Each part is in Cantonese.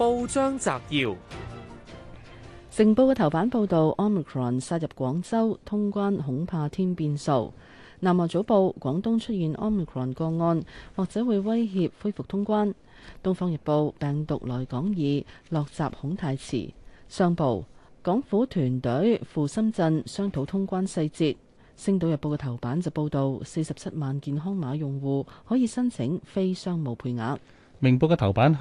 報章摘要：成報嘅頭版報道，Omicron 殺入廣州，通關恐怕添變數。南華早報：廣東出現 Omicron 個案，或者會威脅恢復通關。東方日報：病毒來港已落閘，恐太遲。商報：港府團隊赴深圳商討通關細節。星島日報嘅頭版就報道，四十七萬健康碼用戶可以申請非商務配額。明報嘅頭版，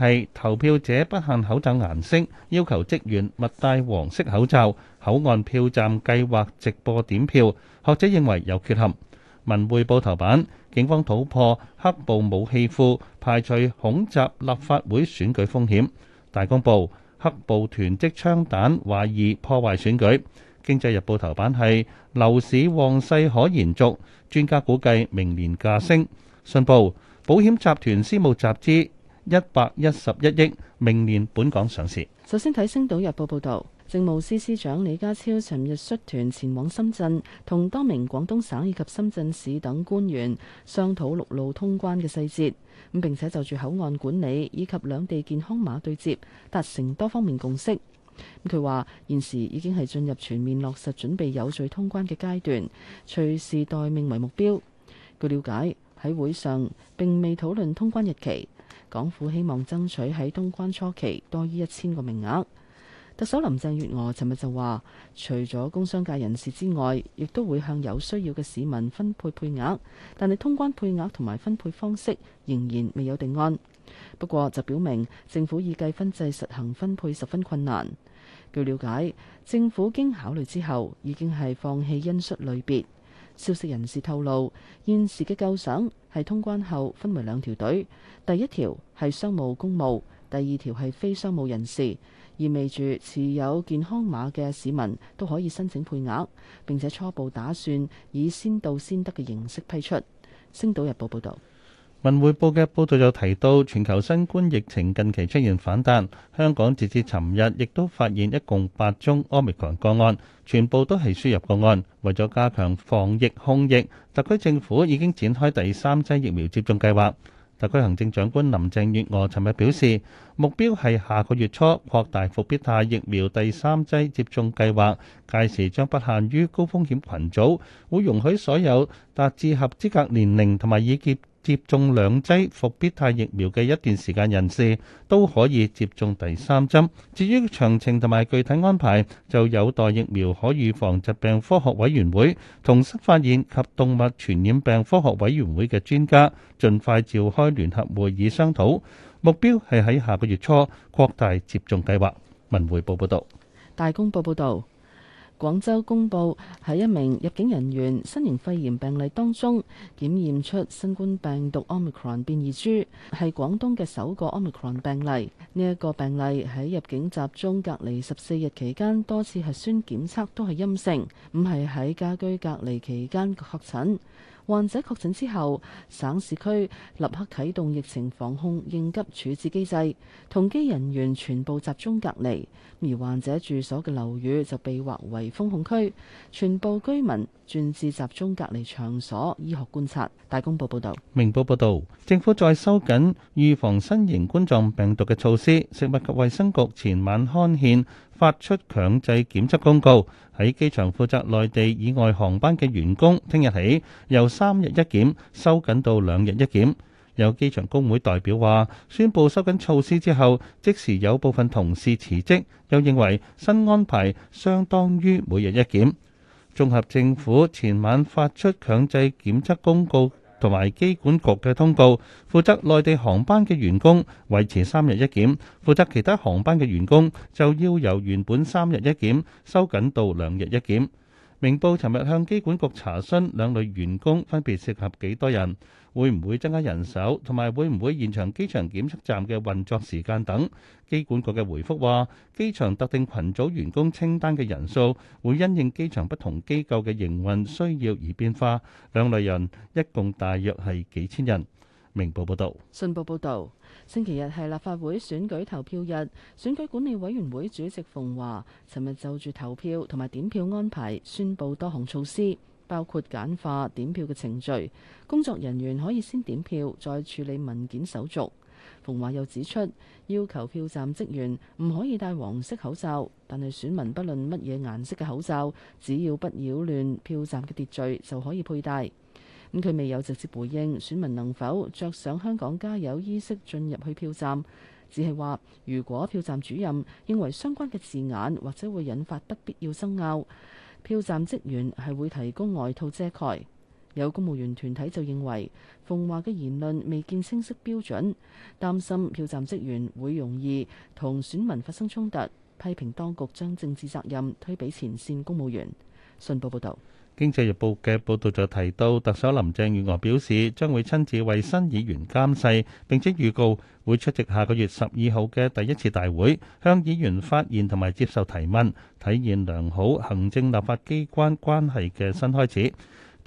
一百一十一億，明年本港上市。首先睇《星島日報》報道，政務司司長李家超尋日率團前往深圳，同多名廣東省以及深圳市等官員商討陸路通關嘅細節。咁並且就住口岸管理以及兩地健康碼對接達成多方面共識。咁佢話現時已經係進入全面落實準備有序通關嘅階段，隨時待命為目標。據了解喺會上並未討論通關日期。港府希望爭取喺通關初期多於一千個名額。特首林鄭月娥尋日就話，除咗工商界人士之外，亦都會向有需要嘅市民分配配額，但係通關配額同埋分配方式仍然未有定案。不過就表明政府以計分制實行分配十分困難。據了解，政府經考慮之後，已經係放棄因素類別。消息人士透露，現時嘅構想係通關後分為兩條隊，第一條係商務公務，第二條係非商務人士，意味住持有健康碼嘅市民都可以申請配額，並且初步打算以先到先得嘅形式批出。星島日報報道。文匯報嘅報道就提到，全球新冠疫情近期出現反彈，香港截至尋日亦都發現一共八宗 Omicron 個案，全部都係輸入個案。為咗加強防疫控疫，特區政府已經展開第三劑疫苗接種計劃。特區行政長官林鄭月娥尋日表示，目標係下個月初擴大復必泰疫苗第三劑接種計劃，屆時將不限於高風險羣組，會容許所有達至合資格年齡同埋已結。接種兩劑復必泰疫苗嘅一段時間人士都可以接種第三針。至於詳情同埋具體安排，就有待疫苗可預防疾病科學委員會同新發現及動物傳染病科學委員會嘅專家盡快召開聯合會議商討。目標係喺下個月初擴大接種計劃。文匯報報道，大公報報道。廣州公布喺一名入境人員新型肺炎病例當中，檢驗出新冠病毒 Omicron 變異株，係廣東嘅首個 Omicron 病例。呢、這、一個病例喺入境集中隔離十四日期間多次核酸檢測都係陰性，唔係喺家居隔離期間確診。患者確診之後，省市區立刻啟動疫情防控應急處置機制，同機人員全部集中隔離。而患者住所嘅樓宇就被劃為封控區，全部居民轉至集中隔離場所醫學觀察。大公報報道。明報報道，政府再收緊預防新型冠狀病毒嘅措施。食物及衛生局前晚刊憲。發出強制檢測公告，喺機場負責內地以外航班嘅員工，聽日起由三日一檢收緊到兩日一檢。有機場工會代表話，宣布收緊措施之後，即時有部分同事辭職，又認為新安排相當於每日一檢。綜合政府前晚發出強制檢測公告。同埋機管局嘅通告，負責內地航班嘅員工維持三日一檢，負責其他航班嘅員工就要由原本三日一檢收緊到兩日一檢。明報尋日向機管局查詢兩類員工分別涉及幾多人，會唔會增加人手，同埋會唔會延長機場檢測站嘅運作時間等。機管局嘅回覆話，機場特定群組員工清單嘅人數會因應機場不同機構嘅營運需要而變化，兩類人一共大約係幾千人。明報報導，信報報導，星期日係立法會選舉投票日，選舉管理委員會主席馮華尋日就住投票同埋點票安排宣佈多項措施，包括簡化點票嘅程序，工作人員可以先點票再處理文件手續。馮華又指出，要求票站職員唔可以戴黃色口罩，但係選民不論乜嘢顏色嘅口罩，只要不擾亂票站嘅秩序就可以佩戴。咁佢未有直接回應選民能否着上香港加油衣飾進入去票站，只係話如果票站主任認為相關嘅字眼或者會引發不必要爭拗，票站職員係會提供外套遮蓋。有公務員團體就認為，馮驊嘅言論未見清晰標準，擔心票站職員會容易同選民發生衝突，批評當局將政治責任推俾前線公務員。信報報導，《經濟日報》嘅報導就提到，特首林鄭月娥表示將會親自為新議員監誓，並且預告會出席下個月十二號嘅第一次大會，向議員發言同埋接受提問，體現良好行政立法機關關係嘅新開始。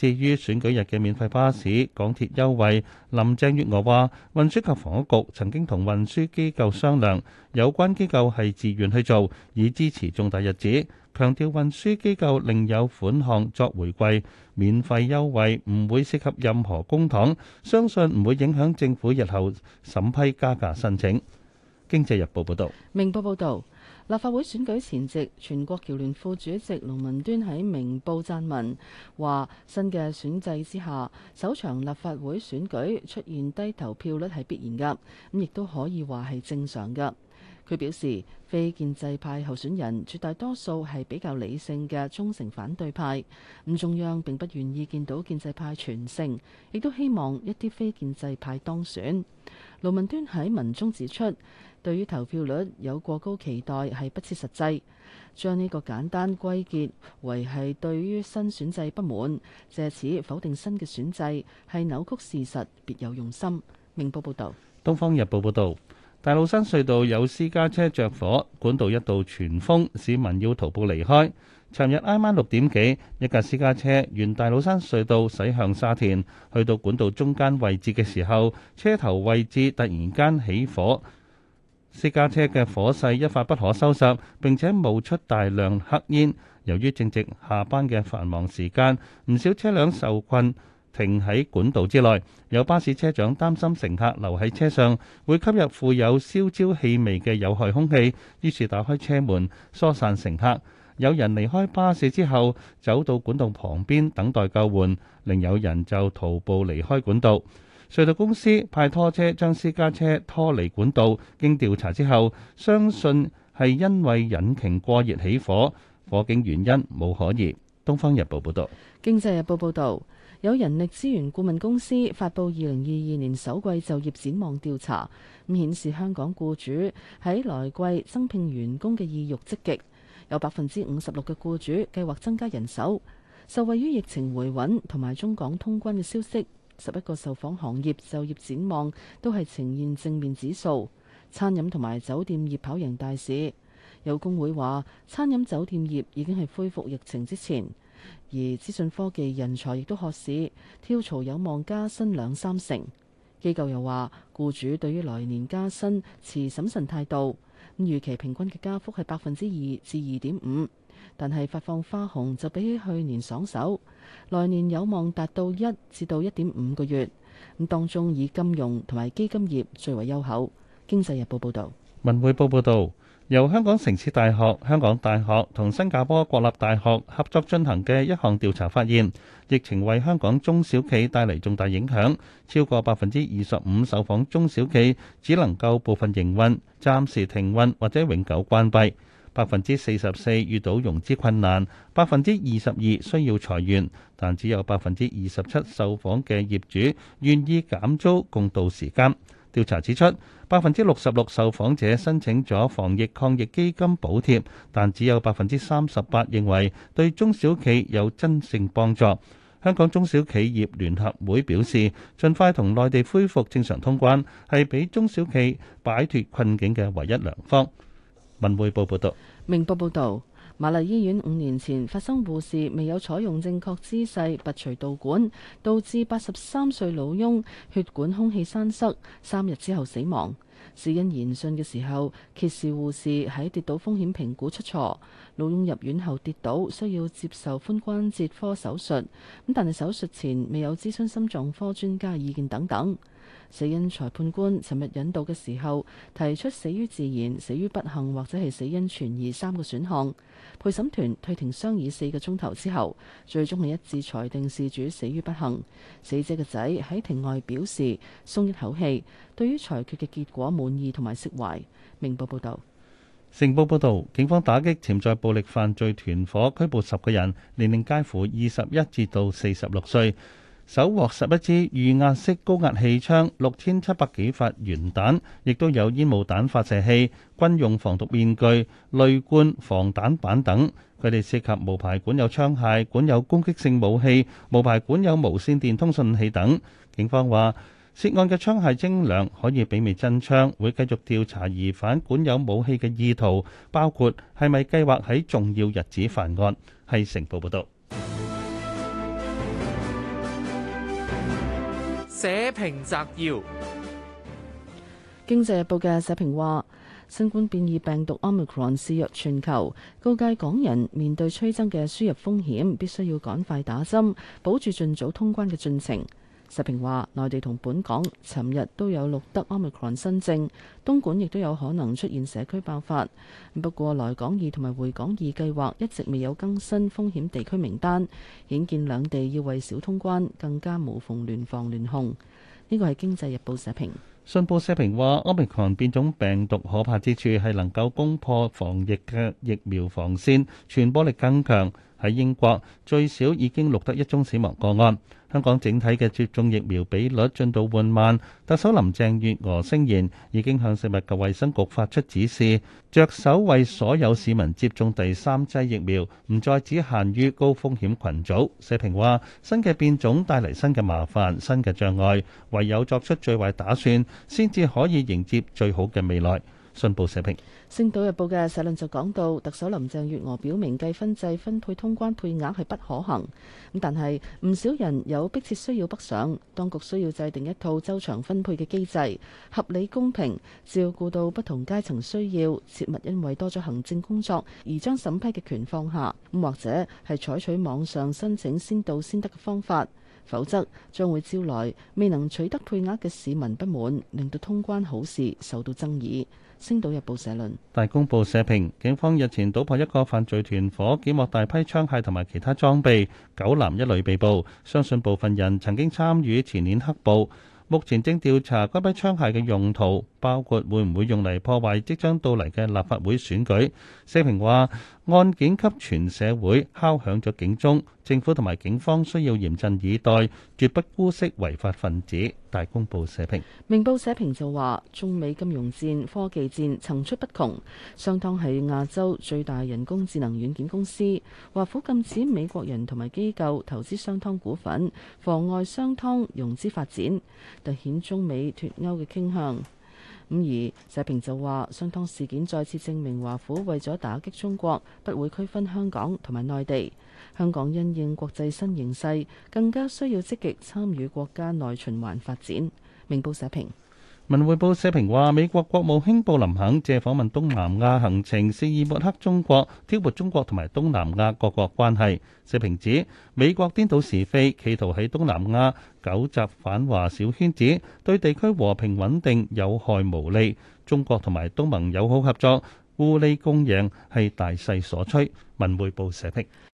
至於選舉日嘅免費巴士、港鐵優惠，林鄭月娥話運輸及房屋局曾經同運輸機構商量，有關機構係自願去做以支持重大日子。強調運輸機構另有款項作回饋，免費優惠唔會涉及任何公帑，相信唔會影響政府日後審批加價申請。經濟日報報導，明報報導。立法會選舉前夕，全國僑聯副主席盧文端喺明報撰文，話新嘅選制之下，首場立法會選舉出現低投票率係必然㗎，咁亦都可以話係正常㗎。佢表示，非建制派候選人絕大多數係比較理性嘅忠誠反對派，咁中央並不願意見到建制派全勝，亦都希望一啲非建制派當選。盧文端喺文中指出，對於投票率有過高期待係不切實際，將呢個簡單歸結為係對於新選制不滿，借此否定新嘅選制係扭曲事實，別有用心。明報報道，東方日報報道。大老山隧道有私家車着火，管道一度全封，市民要徒步離開。尋日挨晚六點幾，一架私家車沿大老山隧道駛向沙田，去到管道中間位置嘅時候，車頭位置突然間起火，私家車嘅火勢一發不可收拾，並且冒出大量黑煙。由於正值下班嘅繁忙時間，唔少車輛受困。停喺管道之內，有巴士車長擔心乘客留喺車上會吸入富有燒焦氣味嘅有害空氣，於是打開車門疏散乘客。有人離開巴士之後，走到管道旁邊等待救援，另有人就徒步離開管道。隧道公司派拖車將私家車拖離管道。經調查之後，相信係因為引擎過熱起火，火警原因冇可疑。《東方日報》報道。《經濟日報》報道。有人力資源顧問公司發布二零二二年首季就業展望調查，咁顯示香港雇主喺來季增聘員工嘅意欲積極，有百分之五十六嘅雇主計劃增加人手。受惠於疫情回穩同埋中港通關嘅消息，十一個受訪行業就業展望都係呈現正面指數，餐飲同埋酒店業跑贏大市。有工會話，餐飲酒店業已經係恢復疫情之前。而資訊科技人才亦都渴市，跳槽有望加薪兩三成。機構又話，僱主對於來年加薪持審慎態度，咁預期平均嘅加幅係百分之二至二點五。但係發放花紅就比起去年爽手，來年有望達到一至到一點五個月。咁當中以金融同埋基金業最為優厚。經濟日報報道。文匯報報導。由香港城市大學、香港大學同新加坡國立大學合作進行嘅一項調查發現，疫情為香港中小企帶嚟重大影響。超過百分之二十五受訪中小企只能夠部分營運、暫時停運或者永久關閉。百分之四十四遇到融資困難，百分之二十二需要裁員，但只有百分之二十七受訪嘅業主願意減租共度時艱。調查指出，百分之六十六受訪者申請咗防疫抗疫基金補貼，但只有百分之三十八認為對中小企有真正幫助。香港中小企業聯合會表示，盡快同內地恢復正常通關，係俾中小企擺脱困境嘅唯一良方。文匯報報道。明報報導。瑪麗醫院五年前發生護士未有採用正確姿勢拔除導管，導致八十三歲老翁血管空氣栓塞，三日之後死亡。死因研訊嘅時候，揭示護士喺跌倒風險評估出錯，老翁入院後跌倒需要接受髖關節科手術，咁但係手術前未有諮詢心臟科專家意見等等。死因裁判官尋日引導嘅時候，提出死於自然、死於不幸或者係死因存疑三個選項。陪審團退庭商議四個鐘頭之後，最終係一致裁定事主死於不幸。死者嘅仔喺庭外表示鬆一口氣，對於裁決嘅結果滿意同埋釋懷。明報報道。成報報道，警方打擊潛在暴力犯罪團夥，拘捕十個人，年齡介乎二十一至到四十六歲。搜獲十一支預壓式高壓氣槍、六千七百幾發鉛彈，亦都有煙霧彈發射器、軍用防毒面具、雷罐、防彈板等。佢哋涉及無牌管有槍械、管有攻擊性武器、無牌管有無線電通訊器等。警方話，涉案嘅槍械精良，可以媲美真槍，會繼續調查疑犯管有武器嘅意圖，包括係咪計劃喺重要日子犯案。係成報報導。社評摘要：經濟日報嘅社評話，新冠變異病毒 Omicron 肆虐全球，告誡港人面對趨增嘅輸入風險，必須要趕快打針，保住盡早通關嘅進程。石平話：內地同本港尋日都有錄得 Omicron 新症，東莞亦都有可能出現社區爆發。不過來港易同埋回港易計劃一直未有更新風險地區名單，顯見兩地要為小通關更加無縫聯防聯控。呢個係《經濟日報》社評。信報社評話：Omicron 變種病毒可怕之處係能夠攻破防疫嘅疫苗防線，傳播力更強。喺英國最少已經錄得一宗死亡個案。香港整體嘅接種疫苗比率進度緩慢。特首林鄭月娥聲言已經向食物及衛生局發出指示，着手為所有市民接種第三劑疫苗，唔再只限於高風險群組。社評話：新嘅變種帶嚟新嘅麻煩、新嘅障礙，唯有作出最壞打算，先至可以迎接最好嘅未來。信報社評。《星島日報》嘅社論就講到，特首林鄭月娥表明計分制分配通關配額係不可行，咁但係唔少人有迫切需要北上，當局需要制定一套周長分配嘅機制，合理公平照顧到不同階層需要，切勿因為多咗行政工作而將審批嘅權放下，咁或者係採取網上申請先到先得嘅方法。否則將會招來未能取得配額嘅市民不滿，令到通關好事受到爭議。星島日報社論。大公報社評，警方日前搗破一個犯罪團伙，繳獲大批槍械同埋其他裝備，九男一女被捕。相信部分人曾經參與前年黑暴，目前正調查該批槍械嘅用途，包括會唔會用嚟破壞即將到嚟嘅立法會選舉。社評話。案件給全社會敲響咗警鐘,政府同埋警方需要嚴陣以待,絕不姑息違法分子。大公報社評。明報社評就話:中美金融戰科技戰層出不窮,商湯係亞洲最大人工智能軟件公司,華府禁止美國人同埋機構投資商湯股份,妨礙商湯融資發展,凸顯中美脫鉤嘅傾向咁而社評就話，上趟事件再次證明華府為咗打擊中國，不會區分香港同埋內地。香港因應國際新形勢，更加需要積極參與國家內循環發展。明報社評。。文匯報社評話，美國國務卿布林肯借訪問東南亞行程，肆意抹黑中國，挑撥中國同埋東南亞各國關係。社評指，美國顛倒是非，企圖喺東南亞糾集反華小圈子，對地區和平穩定有害無利。中國同埋東盟友好合作，互利共贏係大勢所趨。文匯報社評。